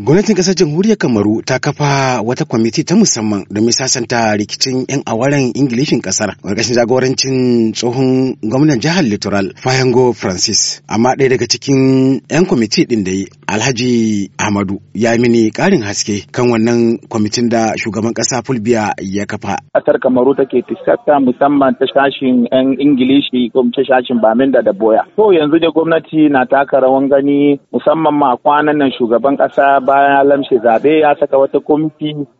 Gwamnatin ƙasar jamhuriyar Kamaru ta kafa wata kwamiti ta musamman domin sasanta rikicin 'yan awaren Ingilishin ƙasar ƙarƙashin jagorancin tsohon gwamnan jihar Littoral Fayango Francis. Amma ɗaya daga cikin 'yan kwamiti ɗin da yi Alhaji Ahmadu ya mini ƙarin haske kan wannan kwamitin da shugaban ƙasa Fulbiya ya kafa. Ƙasar Kamaru take tiskata musamman ta sashin 'yan Ingilishi ko ta sashin Baminda da Boya. To yanzu da gwamnati na taka rawan gani musamman ma kwanan nan shugaban ƙasa bayan lamshe zaɓe ya saka wata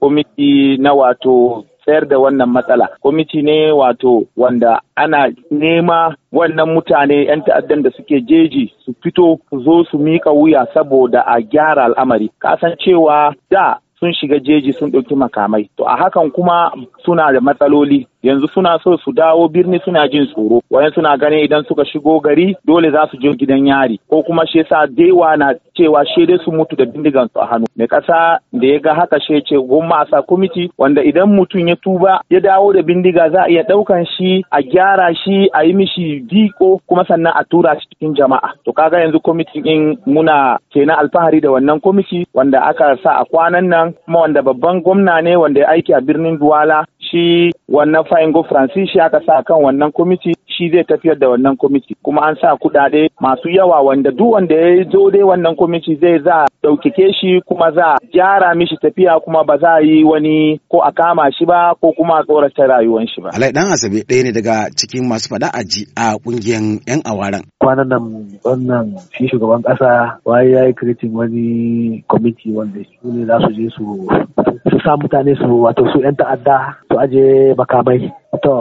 kwamiti na wato tsayar da wannan matsala kwamiti ne wato wanda ana nema wannan mutane 'yan ta'addan da suke jeji su fito su zo su miƙa wuya saboda a gyara al'amari kasan cewa da sun shiga jeji sun ɗauki makamai to a hakan kuma suna da matsaloli yanzu suna so su dawo birni suna jin tsoro wayan suna ganin idan suka shigo gari dole za su je gidan yari ko kuma shi yasa daiwa na cewa shi dai su mutu da bindigan su a hannu mai kasa da ya ga haka shi ce gumma a sa kwamiti wanda idan mutum ya tuba ya dawo da bindiga za a iya ɗaukan shi a gyara shi a yi mishi diko kuma sannan a tura shi cikin jama'a to kaga yanzu kwamitin in muna kenan alfahari da wannan kwamiti wanda aka sa a kwanan nan kuma wanda babban gwamna ne wanda ya aiki a birnin Duwala shi wannan Fahimgo Francis ya kasa kan wannan kwamiti shi zai tafiyar da wannan kwamiti kuma an sa kuɗaɗe masu yawa wanda duk wanda ya zo dai wannan kwamiti zai za ɗaukake shi kuma za gyara mishi tafiya kuma ba za yi wani ko a kama shi ba ko kuma a tsorata rayuwar shi ba. Alai dan Asabe ɗaya ne daga cikin masu faɗa a ji a ƙungiyar 'yan awaran. Kwanan nan wannan shi shugaban ƙasa waye ya yi kiritin wani kwamiti wanda su ne za su je su sa mutane su wato su 'yan ta'adda su aje makamai to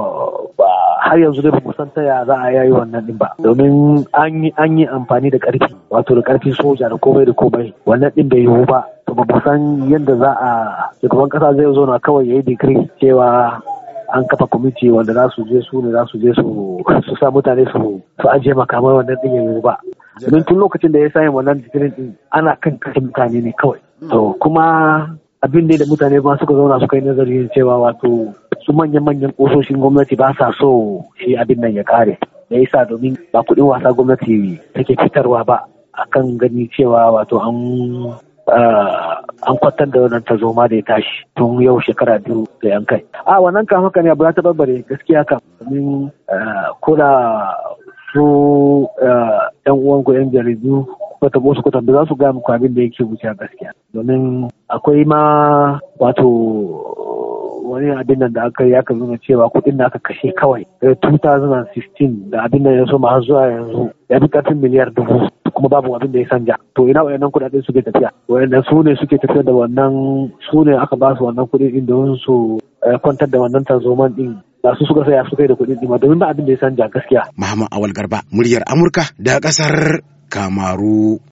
har yanzu dai ba san ta ya za a yayi wannan din ba domin an yi amfani da karfi wato da karfin soja da komai da komai wannan din bai yiwu ba to ba san yadda za a shugaban kasa zai zo na kawai yayi digiri cewa an kafa kwamiti wanda za su je su ne za su je su sa mutane su ajiye makamai wannan din yayi ba domin tun lokacin da ya yin wannan digirin din ana kan kashe mutane ne kawai to kuma abin da mutane ba suka zauna suka yi nazari cewa wato su manya-manyan kososhin gwamnati ba sa so shi abin nan ya kare da yasa domin ba kuɗin wasa gwamnati take fitarwa ba akan gani cewa wato an eh, an kwatar da wannan tazoma da ya tashi tun yau shekara biyu da yan kai a wannan kan haka ne abu ya barbare gaskiya kan domin eh, kula su eh, yan uwan ku yan jaridu ko ta ko ta za su ga muku abin da yake wuce gaskiya domin akwai ma wato wani abin nan da aka yi aka nuna cewa kuɗin da aka kashe kawai 2016 eh, da abin da ya soma har zuwa yanzu ya fi ƙarfin miliyar dubu kuma babu abin da ya sanja to ina wayannan kudaden suke tafiya wayannan su ne suke tafiya da wannan su ne aka ba su wannan kudin din don su eh, kwantar da wannan tarzoman din ba su suka saya su kai da kudin din domin ba abin da ya sanja gaskiya Muhammad Awal Garba muryar Amurka da kasar Kamaru